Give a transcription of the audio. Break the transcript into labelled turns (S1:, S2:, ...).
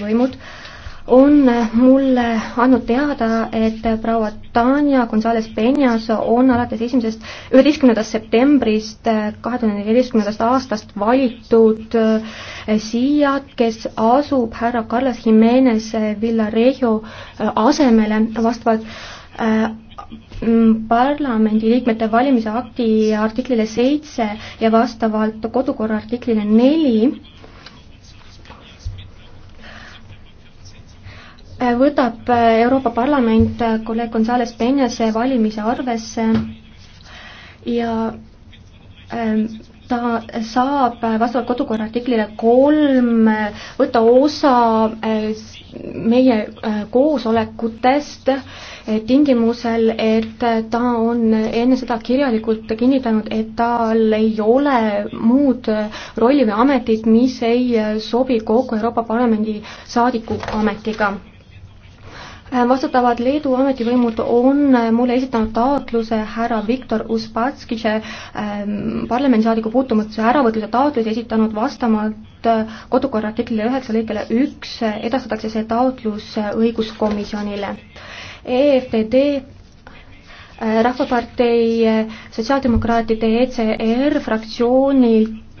S1: võimud on mulle andnud teada, et proua Tanja Gonzalez Penjas on alates esimesest, üheteistkümnendast septembrist kahe tuhande neljateistkümnendast aastast valitud eh, siia, kes asub härra Carlos Jimenez Villarejo eh, asemele vastavalt eh, parlamendiliikmete valimise akti artiklile seitse ja vastavalt kodukorra artiklile neli võtab Euroopa Parlament kolleeg Gonzales Penjase valimise arvesse ja ähm, ta saab vastavalt kodukorra artiklile kolm võtta osa äh, meie äh, koosolekutest äh, tingimusel, et ta on enne seda kirjalikult kinnitanud, et tal ei ole muud rolli või ametit, mis ei sobi kokku Euroopa Parlamendi saadiku ametiga Äh, vastutavad Leedu ametivõimud on äh, mulle esitanud taotluse härra Viktor Uspatskise ähm, parlamendisaadiku puutumatuse äravõtmise taotluse esitanud vastamalt äh, kodukorra artiklile üheksa lõikele üks äh, edastatakse see taotlus õiguskomisjonile. EFTD Rahvapartei Sotsiaaldemokraatide ECR fraktsioonilt